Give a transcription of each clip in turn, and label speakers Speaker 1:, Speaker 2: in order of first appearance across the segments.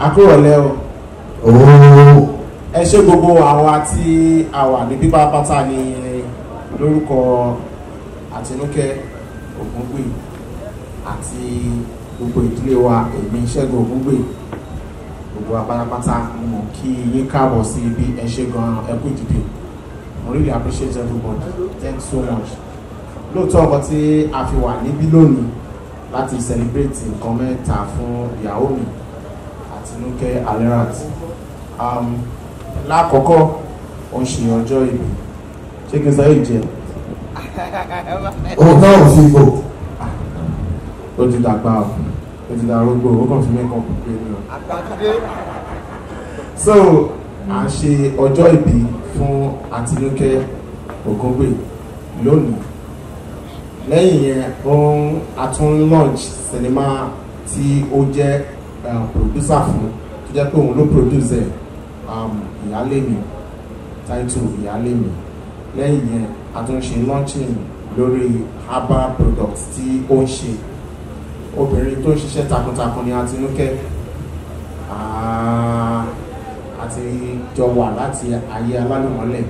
Speaker 1: akúrọ̀lẹ́ o ẹ ṣé gbogbo àwa tí a wà ní pípa pátá ní lórúkọ àtinúkẹ́ ògúngbè àti gbogbo ìdílé wa èmi ṣẹ́gun ògúngbè gbogbo apátápátá mo kí yín káàbọ̀ sí ibi ẹ ṣé gan-an ẹ kú ìdìbò mo really appreciate everybody thanks so much lóòótọ́ ọkọ̀ tí a fi wà níbí lónìí láti celebrate nǹkan mẹ́ta fún ìyàwó mi àtinúkẹ́ alerant um, lákọ̀ọ́kọ́ ó ń ṣe ọjọ́ ìbí ṣé kí n sọ èyí jẹ. òun náà ò fi bò. ó ti dàgbà ó ti darúgbó ó kàn fi mẹ́kàn kú pé mi ò. so à ń ṣe ọjọ́ ìbí fún àtinúkẹ́ ògúngbè lónìí lẹ́yìn yẹn òun àtún launch cinema tí ó jẹ́ producer fún tó jẹ́ pé òun ló produce ẹ̀ um, ìyálé mi title ìyálé mi lẹ́yìn yẹn àtúnṣe launching lórí herbal products tí ó ń ṣe obìnrin tó ń ṣiṣẹ́ takuntakun ni Àtinúkẹ́ àti jọ wà láti ayé alálùmọ́lẹ̀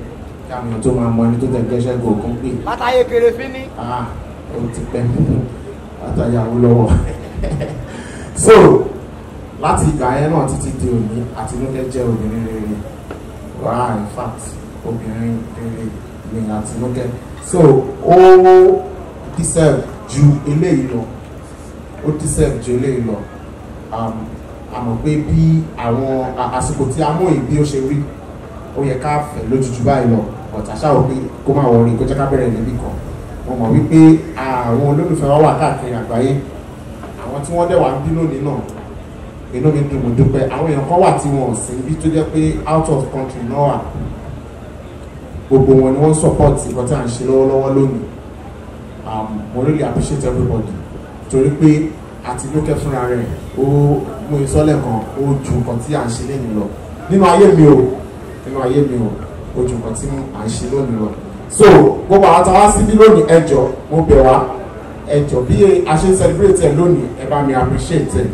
Speaker 1: kí àwọn èèyàn tó máa mọ ẹni tó tẹ̀ gẹ́sẹ́ gòkún pè. bàtà ayé kéré fín ní ó ti pẹ́ àtàyàwó lọ́wọ́ so láti ìgbà yẹn náà títí di òní àtinúkẹ́ jẹ́ obìnrin rere wà á in fact obìnrin rere ni àtinúkẹ́ so ó deserve ju eléyìí lọ ó deserve ju eléyìí lọ àmọ́ um, pé bí àwọn àsìkò tí a mú èyí bí ó ṣe rí ó yẹ ká fẹ̀ lójújú báyìí lọ ọ̀tàṣà ò pé kó má wọrí kó jẹ́ ká bẹ̀rẹ̀ níbì kan mo mọ̀ wípé àwọn olólùfẹ́ wa wà káàkiri àgbáyé àwọn tí wọ́n dẹ̀ wá ń bí lónìí náà inú mi dùn mo dúpẹ́ àwọn èèyàn kan wà tí wọn ò sí níbi tó jẹ́ pé out of country náà wà gbogbo wọn ni wọ́n support nǹkan tí à ń ṣe lọ́wọ́lọ́wọ́ lónìí um, mo really appreciate everybody torí pé àti lókè fúnra rẹ̀ ó mú ìsọ́lẹ̀ kan ó ju nǹkan tí à ń ṣe lẹ́yìn lọ nínú ayé mi o nínú ayé mi o ó ju nǹkan tí à ń ṣe lónìí lọ so gbogbo àwọn táwa síbí lónìí ẹjọ mo bẹ̀ wá ẹjọ bí a ṣe ń celebrate ẹ lónìí ẹ bá mi appreciate ẹ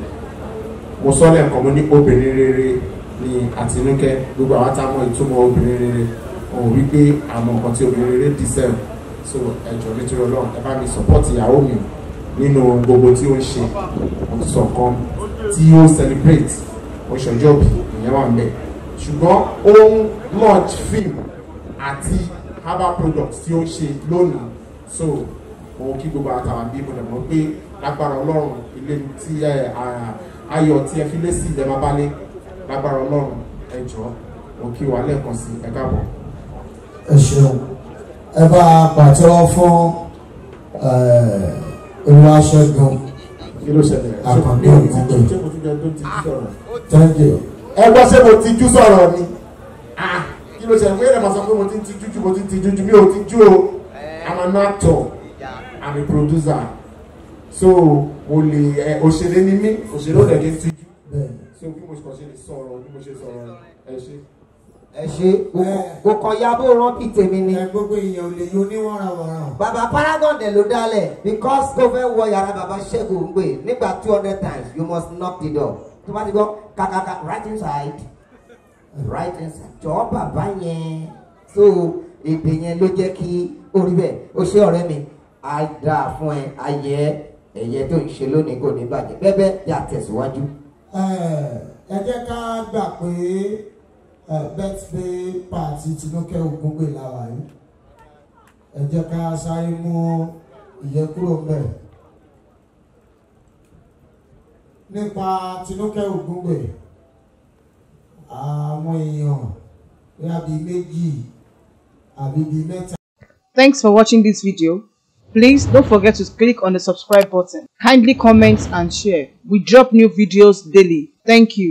Speaker 1: mo sọ lẹ́ẹ̀kan mo ní obìnrin rere ni àtinúkẹ́ gbogbo àwọn táwọn ìtumọ̀ obìnrin rere òun wípé àmọ́ nǹkan tí obìnrin rere deserve so ẹjọ nítorí Ọlọ́run ẹ bá mi support ìyàwó mi nínú gbogbo tí ó ń ṣe mo ti tí ó celebrate oṣù ọjọ́ bí ìyẹn wà ń bẹ̀ ṣùgbọ́n ó ń launch film àti herbal products tí ó ṣe lónìí so mo kí gbogbo àtàwọn bí mo lè mọ̀ pé lágbára ọlọ́run ilé tí ayọ̀ tí ẹ fi lé sí ilẹ̀ bàbá lágbára ọlọ́run ẹ jọ̀ọ́ mo kí wa lẹ́ẹ̀kan sí ẹ káàbọ̀. ẹ ṣeun ẹ bá a pàtẹ́wọ́ fún olú aṣẹ́gun àkàndé òkúté thank you. ẹ gbọ́ ṣé mo ti jú sọ̀rọ̀ ni. Ah, kí ló ṣe ẹ̀kọ́ yẹ́rẹ̀ máa mo ti ń tijú ju mo ti ń tijú ju mi ò tijú o eh. i'm an actor i'm a producer so mo lè ẹ eh, òṣèré ni mí òṣèré ò lè kí n tijú so bí mo kàn ṣe lè sọ̀rọ̀ bí mo ṣe sọ̀rọ̀ ẹ ṣe. ẹ ṣe kò kàn ya bó rántí tèmi ni. gbogbo èèyàn ò lè yọ oníwọ̀nra wọ̀nra. bàbá paragon dẹ̀ ló dálẹ̀ because kò fẹ́ wọ yàrá bàbá ṣẹ́gun gbé nígbà two hundred times you must knock the door tó bá ti gbọ́ kàkàkà right inside right answer jọ̀ọ́ bàbá yẹn so èdè yẹn ló jẹ́ kí ó rí bẹ́ẹ̀ ó ṣe ọ̀rẹ́ mi á dáa fún ẹ ayẹ ẹ̀yẹ tó ń ṣe lónìí kò ní bàjẹ́ bẹ́ẹ̀ bí a tẹ̀síwájú. ẹ jẹ́ ká gbà pé birthday party Tinúkẹ́ Ògúngbè láwa yìí ẹ jẹ́ ká sáré mú ìyẹn kúrò nípa Tinúkẹ́ Ògúngbè. Ah àwọn èèyàn bóyá méjì àbí bíi mẹ́ta. Thanks for watching this video. Please don't forget to click on the subscribe button. Kindly comment and share. We drop new videos daily. Thank you.